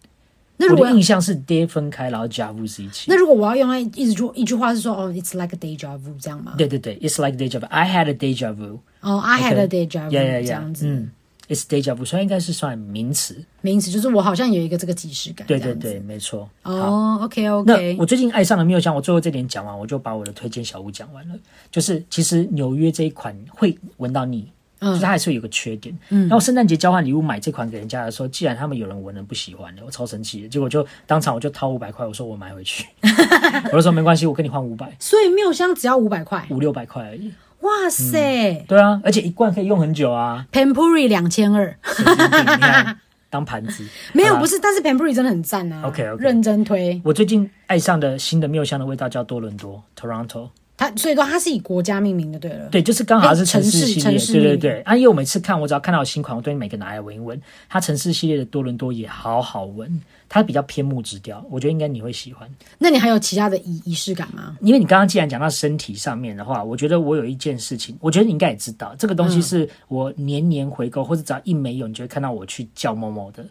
那如果印象是 de 分開，然後 ja vu 是一起。那如果我要用一直說一句話是說，哦，it's like a deja vu 這樣嗎？對對對，it's like deja vu。I had a deja vu、oh。哦，I had a deja vu、okay。Yeah, yeah, yeah, 這樣子，嗯 It's déjà vu，所以應該是算名詞，名詞就是我好像有一個這個既視感。對對對，沒錯。哦、oh,，OK OK。我最近愛上了妙香，我最後這點講完，我就把我的推薦小物講完了。就是其實紐約這一款會聞到膩，嗯，就是、它還是會有一個缺點。嗯，然後聖誕節交換禮物買這款給人家的時候，既然他們有人聞了不喜歡了，我超生氣，結果就當場我就掏五百塊，我說我買回去， 我說沒關係，我跟你換五百。所以妙香只要五百塊，五六百塊而已。哇塞，嗯！對啊，而且一罐可以用很久啊。Pampuri 兩千二，哈哈哈哈哈，當盤子，沒有，不是，但是 Pampuri 真的很讚啊。Okay, OK 認真推。我最近愛上的新的妙香的味道叫多倫多 （Toronto），它，所以說它是以國家命名的對了。對，就是剛好是城市系列，欸，對對對。啊，因為我每次看，我只要看到有新款，我都會每個拿來聞一聞。它城市系列的多倫多也好好聞。它比較偏木質調，我覺得應該你會喜歡。那你還有其他的儀儀式感嗎？因為你剛剛既然講到身體上面的話，我覺得我有一件事情，我覺得你應該也知道，這個東西是我年年回購、嗯，或者只要一沒有，你就會看到我去叫某某的。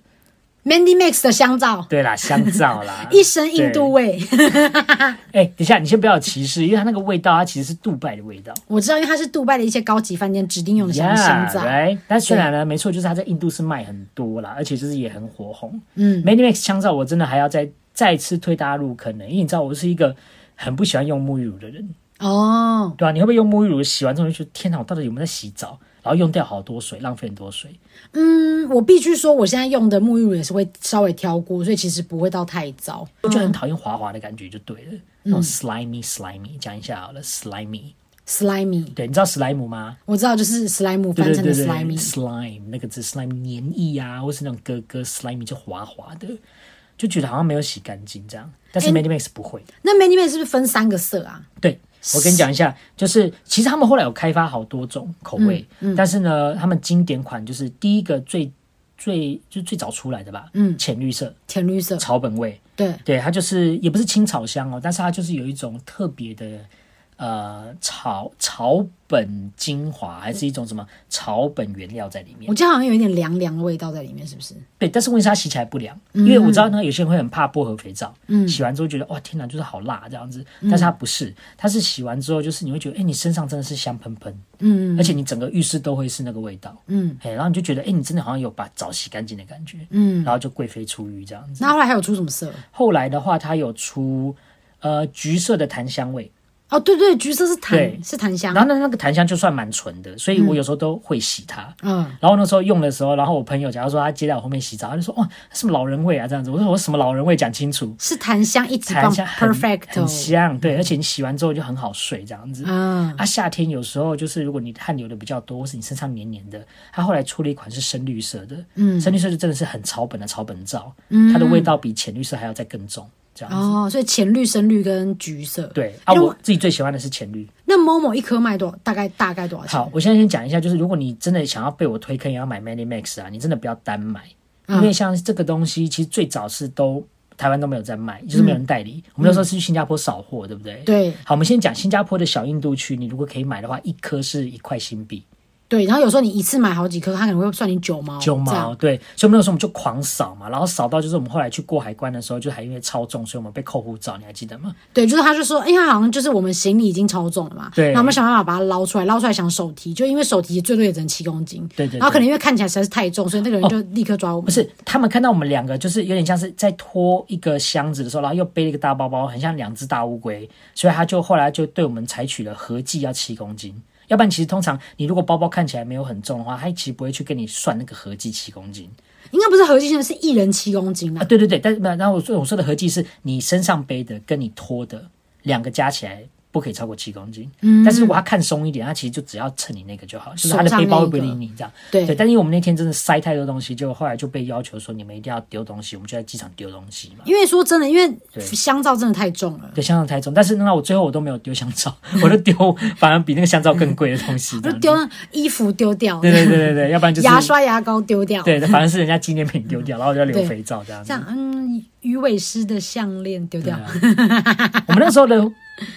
Mandy Max 的香皂，對啦，香皂啦， 一身印度味。哎、欸，等一下，你先不要歧視，因為它那個味道，它其實是杜拜的味道。我知道，因為它是杜拜的一些高級飯店指定用的香皂、yeah。對，但雖然呢，沒錯，就是它在印度是賣很多啦，而且就是也很火紅。嗯，Mandy Max 香皂，我真的還要再再次推大家入坑呢，因為你知道，我是一個很不喜歡用沐浴乳的人。哦、oh，對啊，你會不會用沐浴乳洗完之後就天哪，我到底有沒有在洗澡？然後用掉好多水，浪費很多水。嗯，我必須說，我現在用的沐浴乳也是會稍微挑過，所以其實不會到太糟。我就很討厭滑滑的感覺，就對了、嗯。那種 slimy slimy，講一下好了，slimy slimy。對，你知道史萊姆嗎？我知道，就是史萊姆翻成的 slimy slime 那個字，slime 黏液啊，或是那種哥哥 slimy 就滑滑的，就覺得好像沒有洗乾淨這樣。但是、欸、MediMax 不會。那 MediMax 是不是分三個色啊？對。我跟你講一下，就是其實他們後來有開發好多種口味，嗯嗯，但是呢，他們經典款就是第一個最最就最早出來的吧，嗯，淺綠色，淺綠色，草本味，對對，它就是也不是青草香哦，但是它就是有一種特別的。呃，草草本精華還是一種什麼草本原料在裡面？我覺得好像有一點涼涼的味道在裡面，是不是？對，但是問題是它洗起來不涼，因為我知道呢，有些人會很怕薄荷肥皂，嗯，洗完之後覺得哇天吶，就是好辣這樣子。但是它不是，它、嗯、是洗完之後就是你會覺得，哎、欸，你身上真的是香噴噴，嗯，而且你整個浴室都會是那個味道，嗯，嘿然後你就覺得，哎、欸，你真的好像有把澡洗乾淨的感覺，嗯，然後就貴妃出浴這樣子。嗯、那後來還有出什麼色？後來的話，它有出呃橘色的檀香味。哦，對對，橘色是檀，是檀香啊。然後那那個檀香就算蠻純的，所以我有時候都會洗它。嗯，嗯然後那時候用的時候，然後我朋友假如說他接在我後面洗澡，他就說哇、哦，什麼老人味啊這樣子。我說我什麼老人味，講清楚。是檀香一直放檀香很 perfect 很，很香，嗯，對，而且你洗完之後就很好睡這樣子。嗯啊，夏天有時候就是如果你汗流的比較多，或是你身上黏黏的，他後來出了一款是深綠色的，嗯，深綠色就真的是很草本的草本皂，嗯，它的味道比淺綠色還要再更重。哦，所以淺綠、深綠跟橘色，對啊，我自己最喜歡的是淺綠、欸那麼。那 MOMO 一顆賣多少大概，大概多少錢？好，我現在先講一下，就是如果你真的想要被我推坑，也要買 Many Max 啊，你真的不要單買，因為像這個東西、嗯、其實最早是都台灣都沒有在賣，就是沒有人代理。嗯、我們有時候是去新加坡掃貨，對不對？對，好，我們先講新加坡的小印度區，你如果可以買的話，一顆是一塊新幣。對，然後有時候你一次買好幾顆，他可能會算你九毛。九毛，對，所以那個時候我們就狂掃嘛，然後掃到就是我們後來去過海關的時候，就還因為超重，所以我們被扣護照，你還記得嗎？對，就是他就說，哎、欸，好像就是我們行李已經超重了嘛。對。然後我們想辦法把它撈出來，撈出來想手提，就因為手提最多也只能七公斤。對，對對。然後可能因為看起來實在是太重，所以那個人就立刻抓我們、哦。不是，他們看到我們兩個就是有點像是在拖一個箱子的時候，然後又背了一個大包包，很像兩隻大烏龜，所以他就後來就對我們採取了合計要七公斤。要不然，其實通常你如果包包看起來沒有很重的話，他其實不會去跟你算那個合計七公斤。應該不是合計，現在是一人七公斤啊，啊。對對對，但是然後我說我說的合計是你身上背的跟你拖的兩個加起來。不可以超過七公斤、嗯，但是如果他看鬆一點，他其實就只要蹭你那個就好、那個，就是他的背包會不理你這樣。對，對但是因為我們那天真的塞太多東西，就後來就被要求說你們一定要丟東西，我們就在機場丟東西嘛。因為說真的，因為香皂真的太重了，對，對香皂太重。但是那我最後我都沒有丟香皂，我都丟，反正比那個香皂更貴的東西，丟 衣服丟掉，對對對對對，要不然就是牙刷牙膏丟掉，對，反正是人家紀念品丟掉、嗯，然後就要留肥皂這樣。這樣，嗯，魚尾獅的項鏈丟掉。啊、 我們那時候的。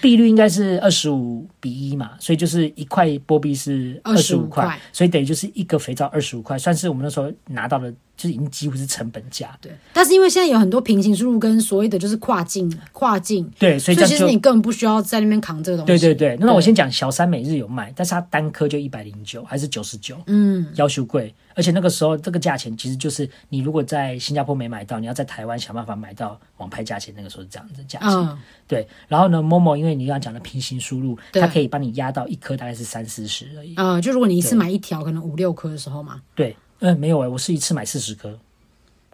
比率應該是二十五比一嘛，所以就是一塊波幣是二十五塊，所以等於就是一個肥皂二十五塊，算是我們那時候拿到的。就已經幾乎是成本價，對。但是因為現在有很多平行輸入跟所謂的就是跨境，跨境，對。所以，就所以其實你根本不需要在那邊扛這個東西。對對對，對。那對我先講小三每日有賣，但是它單顆就一百零九還是九十九，嗯，夭壽貴。而且那個時候這個價錢其實就是你如果在新加坡沒買到，你要在台灣想辦法買到網拍價錢，那個時候是這樣的價錢，嗯。對。然後呢，Momo 因為你剛剛講的平行輸入，它可以幫你壓到一顆大概是三四十而已。嗯，就如果你一次買一條，可能五六顆的時候嘛。對。嗯，沒有、欸、我是一次買四十顆，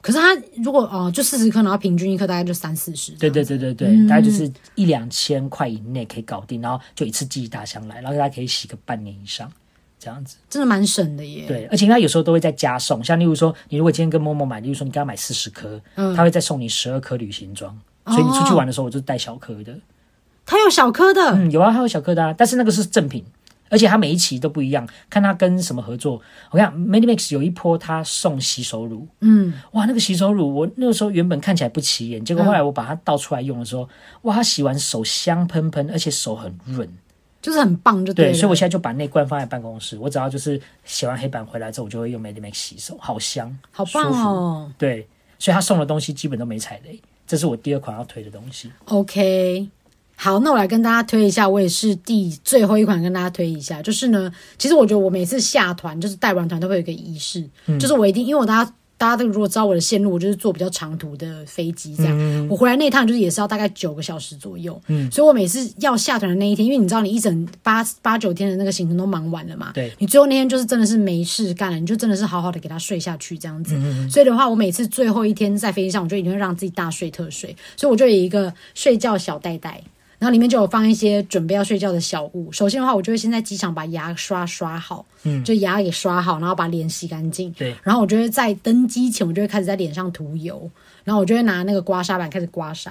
可是它如果哦，就四十顆，然後平均一顆大概就三四十。對對對對對，嗯、大概就是一兩千塊以內可以搞定，然後就一次寄一大箱來，然後大家可以洗個半年以上這樣子，真的蠻省的耶。對，而且它有時候都會再加送，像例如說，你如果今天跟 Momo 買，例如說你跟他買四十顆，他會再送你十二顆旅行裝、哦，所以你出去玩的時候我就帶小顆的。它有小顆的，嗯，有啊，他有小顆的、啊，但是那個是正品。而且它每一期都不一樣，看它跟什麼合作。我看 Medimax 有一波它送洗手乳，嗯，哇，那個洗手乳我那個時候原本看起來不起眼，結果後來我把它倒出來用的時候，嗯、哇，它洗完手香噴噴，而且手很潤，就是很棒，就對。對，所以我現在就把那罐放在辦公室，我只要就是洗完黑板回來之後，我就會用 Medimax 洗手，好香，好棒哦。舒服對，所以它送的東西基本都沒踩雷，這是我第二款要推的東西。OK。好，那我來跟大家推一下，我也是第最後一款跟大家推一下，就是呢，其實我覺得我每次下團，就是帶完團都會有一個儀式，嗯、就是我一定，因為我大家大家都如果知道我的線路，我就是坐比較長途的飛機，這樣、嗯，我回來那一趟就是也是要大概九個小時左右，嗯，所以我每次要下團的那一天，因為你知道你一整八八九天的那個行程都忙完了嘛，對，你最後那天就是真的是沒事幹了，你就真的是好好的給他睡下去這樣子、嗯，所以的話，我每次最後一天在飛機上，我就一定會讓自己大睡特睡，所以我就有一個睡覺小袋袋。然後裡面就有放一些準備要睡覺的小物。首先的話，我就會先在機場把牙刷刷好、嗯，就牙給刷好，然後把臉洗乾淨。然後我就會在登機前，我就會開始在臉上塗油，然後我就會拿那個刮痧板開始刮痧，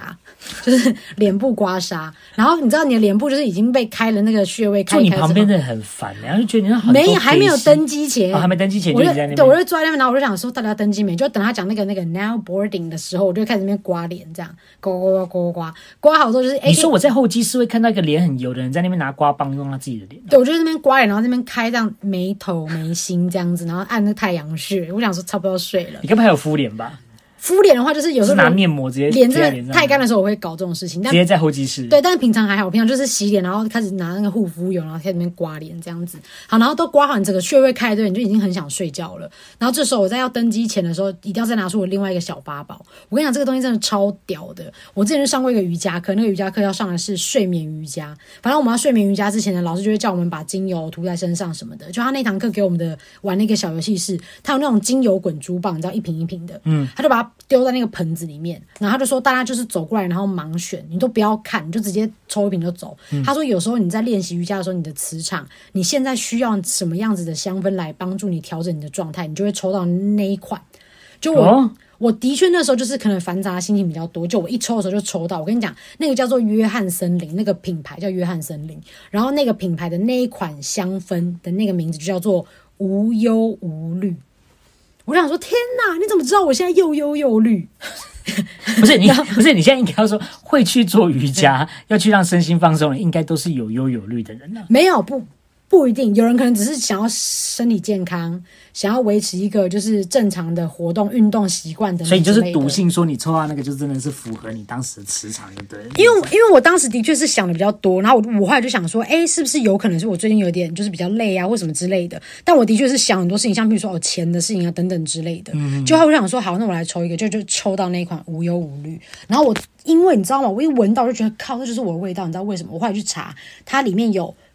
就是臉部刮痧。 然後你知道你的臉部就是已經被開了那個穴位開開，開。你旁邊的人很煩、欸，然後就覺得你好。沒有還沒有登機前，哦、還沒登機前就在那，我就在那對，我就坐在那邊，然後我就想說，大家登機沒？就等他講那個那個 now boarding 的時候，我就開始那邊刮臉，這樣刮刮刮刮刮刮，刮好之後就是誒，你說我在。後期是會看到一個臉很油的人在那邊拿刮棒用他自己的臉。啊，對，我就在那邊刮臉，然後在那邊開這樣眉頭眉心這樣子， 然後按着太陽穴。我想說差不多睡了。你剛剛還有敷臉吧？ 敷臉的話，就是有時候拿面膜直接臉，真的太乾的時候，我會搞這種事情，但直接在候機室。對，但是平常還好，我平常就是洗臉，然後開始拿那個護膚油，然後開始在那邊刮臉這樣子。好，然後都刮好你整個穴位開對，對，你就已經很想睡覺了。然後這時候我在要登機前的時候，一定要再拿出我另外一個小八寶。我跟你講，這個東西真的超屌的。我之前就上過一個瑜伽課，那個瑜伽課要上的是睡眠瑜伽。反正我們要睡眠瑜伽之前呢，老師就會叫我們把精油塗在身上什麼的。就他那堂課給我們的玩那個小遊戲是，他有那種精油滾珠棒，你知道一瓶一瓶的，嗯，他就把它。丟在那個盆子裡面，然後他就說大家就是走過來，然後盲選，你都不要看，你就直接抽一瓶就走。嗯。他說有時候你在練習瑜伽的時候，你的磁場，你現在需要什麼樣子的香氛來幫助你調整你的狀態，你就會抽到那一款。就我，我的確那時候就是可能煩雜心情比較多，就我一抽的時候就抽到。我跟你講，那個叫做約翰森林，那個品牌叫約翰森林，然後那個品牌的那一款香氛的那個名字就叫做無憂無慮。我想說，天哪！你怎麼知道我現在又憂又慮？ 不是，你， 不是，你現在應該要說，會去做瑜伽， 要去讓身心放鬆的，應該都是有憂有慮的人了。沒有，不。不一定，有人可能只是想要身體健康，想要維持一個就是正常的活動運動習慣的、的。所以就是篤信，說你抽到那個就真的是符合你當時磁場一堆。因為因為我當時的確是想的比較多，然後我我後來就想說，哎、欸，是不是有可能是我最近有點就是比較累啊，或什麼之類的？但我的確是想很多事情，像比如說我、哦、錢的事情啊等等之類的。嗯，就後來我就想說，好，那我來抽一個，就就抽到那一款無憂無慮。然後我因為你知道嗎？我一聞到就覺得靠，那就是我的味道。你知道為什麼？我後來去查，它裡面有。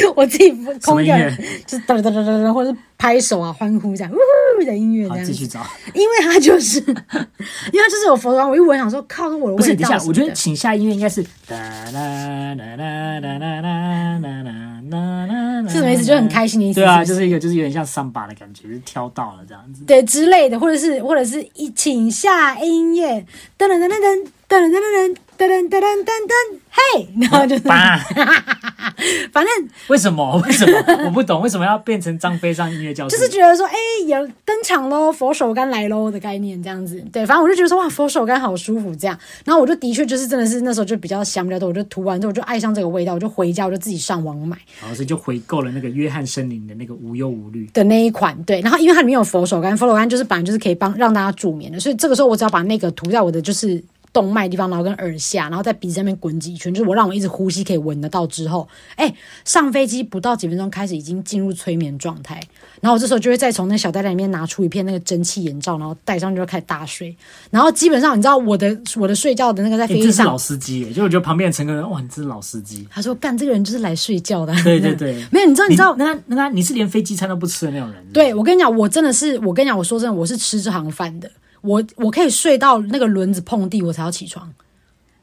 我自己不，音樂就噠噠噠噠噔。 或者是拍手啊，歡呼這樣，嗚的音樂這樣。好，繼續找。 因為他就是，因為他就是有服裝，我一聞想說，靠我，是我的不是，等一下，我覺得請下音樂應該是噠啦啦啦啦啦啦啦啦啦是每次 就很開心的一次。對啊是是，就是一個，就是有點像桑巴的感覺，就跳、是、到了這樣子。對，之類的，或者是，或者是一請下音樂，噔噔噔噔噔噔噔噔噔噔噔噔噔噔，嘿，然後就是。反正， 反正為什麼為什麼我不懂為什麼要變成張飛上音樂教室？就是覺得說，哎、欸，有登場咯，佛手柑來咯的概念這樣子。對，反正我就覺得說，哇，佛手柑好舒服這樣。然後我就的確就是真的是那時候就比較香比較多，我就塗完之後我就愛上這個味道，我就回家我就自己上網買，然後所以就回購了那個約翰森林的那個無憂無慮的那一款。對，然後因為它裡面有佛手柑，佛手柑就是本來就是可以幫讓大家助眠的，所以這個時候我只要把那個塗在我的就是。動脈地方，然後跟耳下，然後在鼻子上面滾幾圈，就是我讓我一直呼吸，可以聞得到。之後，哎、欸，上飛機不到幾分鐘，開始已經進入催眠狀態。然後我這時候就會再從那個小袋袋裡面拿出一片那個蒸汽眼罩，然後戴上就開始大睡。然後基本上，你知道我的我的睡覺的那個在飛機上、欸、是老司機、欸，就我覺得旁邊成個人，哇，很資深老司機。他說：“幹，這個人就是來睡覺的、啊。”對對對， 沒有，你知道，你知道，那那你是連飛機餐都不吃的那種人。對，我跟你講，我真的是，我跟你講，我說真的，我是吃這行飯的。我我可以睡到那個輪子碰地我才要起床，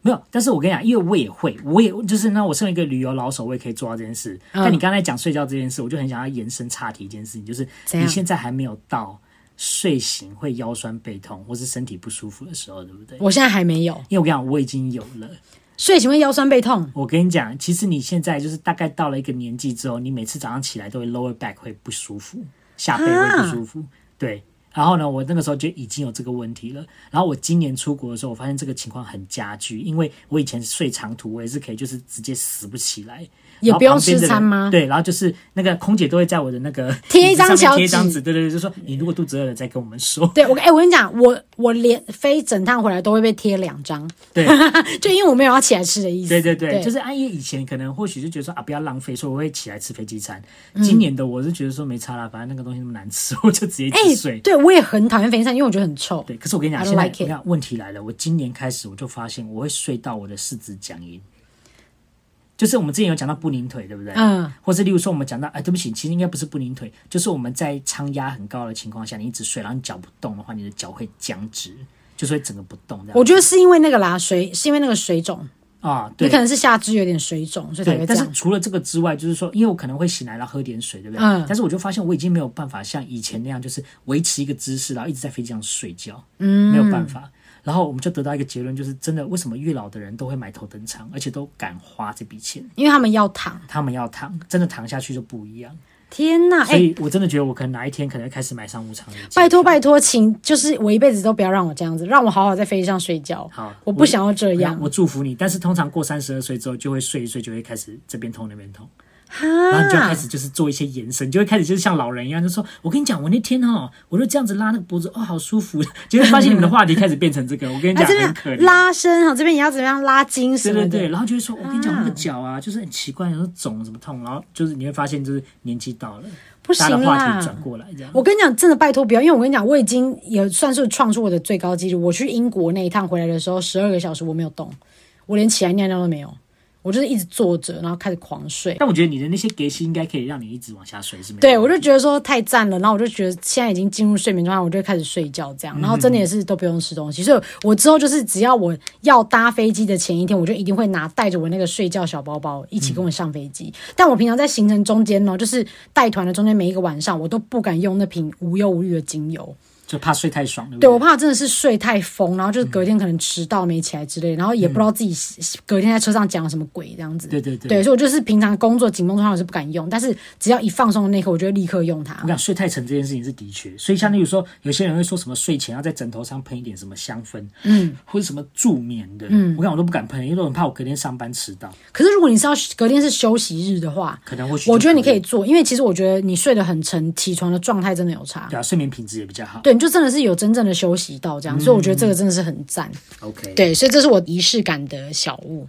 沒有。但是我跟你講，因為我也會，我也就是那我身為一個旅遊老手，我也可以做到這件事。嗯、但你剛才講睡覺這件事，我就很想要延伸岔題一件事情，就是你現在還沒有到睡醒會腰痠背痛或是身體不舒服的時候，對不對？我現在還沒有，因為我跟你講我已經有了睡醒會腰痠背痛。我跟你講，其實你現在就是大概到了一個年紀之後，你每次早上起來都會 lower back 會不舒服，下背會不舒服，啊、對。然後呢，我那個時候就已經有這個問題了。然後我今年出國的時候，我發現這個情況很加劇，因為我以前睡長途，我也是可以，就是直接死不起來。也不用吃餐嗎？對，然後就是那個空姐都會在我的那個椅子上貼一張小紙， 對對對，就說你如果肚子餓了再跟我們說。對我、欸，我跟你講，我我連飛整趟回來都會被貼兩張，對， 就因為我沒有要起來吃的意思。對對對，對就是阿姨以前可能或許是覺得說啊不要浪費，說我會起來吃飛機餐、嗯。今年的我是覺得說沒差啦，反正那個東西那麼難吃，我就直接睡、欸。對我也很討厭飛機餐，因為我覺得很臭。對，可是我跟你講，like、現在你看問題來了，我今年開始我就發現我會睡到我的四肢僵硬。就是我們之前有講到不寧腿，對不對？嗯，或是例如說我們講到，哎、欸，對不起，其實應該不是不寧腿，就是我們在艙壓很高的情況下，你一直睡，然後你腳不動的話，你的腳會僵直，就是會整個不動的。我覺得是因為那個啦，水是因為那個水腫啊，對，你可能是下肢有點水腫，所以才會這樣。對，但是除了這個之外，就是說，因為我可能會醒來然後喝點水，對不對？嗯，但是我就發現我已經沒有辦法像以前那樣，就是維持一個姿勢，然後一直在飛機上睡覺，嗯，沒有辦法。嗯然後我們就得到一個結論，就是真的，為什麼越老的人都會買頭等艙，而且都敢花這筆錢？因為他們要躺，他們要躺，真的躺下去就不一樣。天哪！所以我真的覺得，我可能哪一天可能要開始買商務艙。拜託拜託，請就是我一輩子都不要讓我這樣子，讓我好好在飛機上睡覺。好，我不想要這樣。我，我祝福你，但是通常過三十二歲之後，就會睡一睡，就會開始這邊痛那邊痛。然後就開始就是做一些延伸，就會開始就是像老人一樣，就說：“我跟你講，我那天哦，我就這樣子拉那個脖子，哦，好舒服。”就會發現你們的話題開始變成這個。 我跟你講，啊、很可拉伸哈，這邊也要怎麼樣拉筋什麼的。對對對，然後就會說：“我跟你講，啊、那個腳啊，就是很奇怪，然後腫，怎麼痛？然後就是你會發現，就是年紀到了不行啦，話題轉過來這樣。我跟你講，真的拜託不要，因為我跟你講，我已經也算是創出我的最高紀錄。我去英國那一趟回來的時候，十二個小時我沒有動，我連起來尿尿都沒有。我就是一直坐着，然後開始狂睡。但我覺得你的那些儀式應該可以讓你一直往下睡，是不是？對，我就覺得說太讚了。然後我就覺得現在已經進入睡眠狀態，我就開始睡覺這樣。然後真的也是都不用吃東西。嗯、所以，我之後就是只要我要搭飛機的前一天，我就一定會拿帶着我那個睡覺小包包一起跟我上飛機、嗯。但我平常在行程中間呢，就是帶團的中間每一個晚上，我都不敢用那瓶無憂無慮的精油。就怕睡太爽了，對，對，對，我怕真的是睡太瘋，然後就是隔天可能遲到沒起來之類，然後也不知道自己隔天在車上講了什麼鬼這樣子。嗯、對對對，對，所以我就是平常工作緊繃的我是不敢用，但是只要一放鬆的那一、個、刻，我就立刻用它。我講睡太沉這件事情是的確，所以像例如說有些人會說什麼睡前要在枕頭上噴一點什麼香氛，嗯，或者什麼助眠的，嗯，我看我都不敢噴，因為我很怕我隔天上班遲到。可是如果你是要隔天是休息日的話，可能會。我覺得你可以做，因為其實我覺得你睡得很沉，起床的狀態真的有差，對啊，睡眠品質也比較好，對。就真的是有真正的休息到這樣，嗯、所以我覺得這個真的是很讚。OK，對，所以這是我儀式感的小物。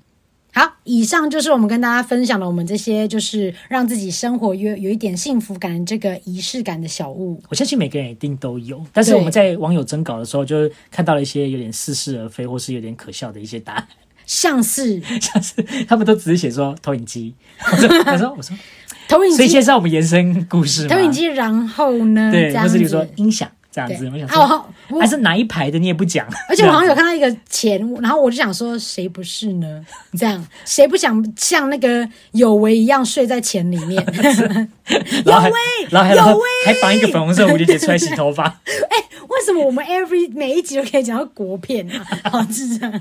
好，以上就是我們跟大家分享了我們這些就是讓自己生活有有一點幸福感這個儀式感的小物。我相信每個人一定都有，但是我們在網友徵稿的時候，就看到了一些有點似是而非，或是有點可笑的一些答案，像是 像是他們都只是寫說投影機， 我說我說投影機，所以現在我們延伸故事，投影機，然後呢，對，或是你說音響。這樣子，我想我，還是哪一排的，你也不講。而且我好像有看到一個錢， 然後我就想說，誰不是呢？ 這樣，誰不想像那個有為一樣睡在錢裡面？ 然後還有，然後還，有，然後還綁一個粉紅色蝴蝶結出來洗頭髮。哎， 為什麼我們 every 每一集都可以講到國片啊？然後是這樣。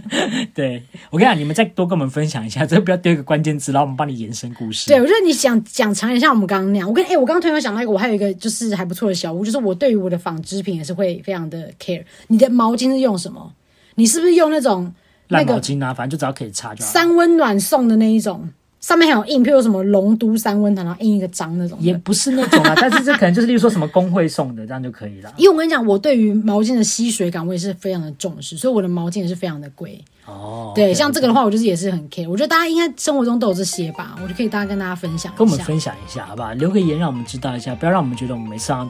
對，我跟你講，你們再多跟我們分享一下，之後不要丟一個關鍵字，然後我們幫你延伸故事。對，我覺得你想講長一點，像我們剛剛那樣。我跟哎，我剛剛突然想到一個，我還有一個就是還不錯的小屋，就是我對於我的紡織品也是會非常的 care。你的毛巾是用什麼？你是不是用那種爛毛巾啊、那個？反正就只要可以擦掉。三溫暖送的那一種。上面還有印，譬如什麼龍都三溫堂，然後印一個章那種，也不是那種啊。 但是這可能就是，例如說什麼工會送的，這樣就可以了。因為我跟你講，我對於毛巾的吸水感，我也是非常的重視，所以我的毛巾也是非常的貴。哦，對，okay, 像這個的話，我就是也是很 care。我覺得大家應該生活中都有這些吧，我就可以大家跟大家分享一下。跟我們分享一下，好不好？留個言，讓我們知道一下，不要讓我們覺得我們沒上。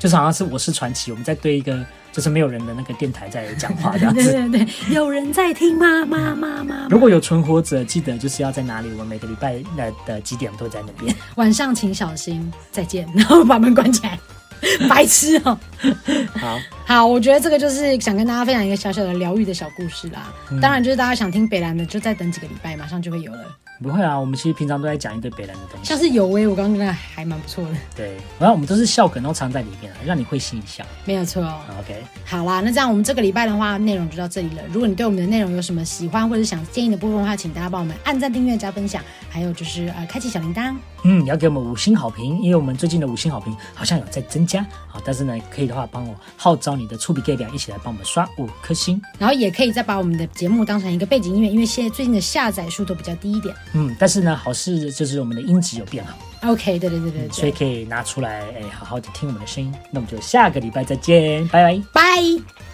就是好像是我是傳奇，我們在對一個就是沒有人的那個電台在講話這樣子。 對對對，有人在聽嗎？媽媽媽媽。如果有存活者記得就是要在哪裡，我們每個禮拜的幾點都在那邊。晚上請小心，再見，然後把門關起來。 白痴哦、喔。好好，我覺得這個就是想跟大家分享一個小小的療癒的小故事啦。嗯、當然，就是大家想聽北蘭的，就再等幾個禮拜，馬上就會有了。不會啊，我們其實平常都在講一堆別人的東西。像是有誒，我剛剛覺得還蠻不錯的。對，然後我們都是笑梗，都藏在裡面啊，讓你會心一笑。沒有錯哦，OK。好啦，那這樣我們這個禮拜的話內容就到這裡了。如果你對我們的內容有什麼喜歡或者想建議的部分的話，請大家幫我們按贊、訂閱、加分享，還有就是呃，開啟小鈴鐺。嗯，要給我們五星好評，因為我們最近的五星好評好像有在增加。好，但是呢，可以的話，幫我號召你的厝邊隔壁一起來幫我們刷五顆星，然後也可以再把我們的節目當成一個背景音樂，因為現在最近的下載數都比較低一點。嗯，但是呢，好事就是我們的音質有變好。OK，對對對對，對、嗯，所以可以拿出來哎，好好的聽我們的聲音。那我們就下個禮拜再見，拜拜拜。Bye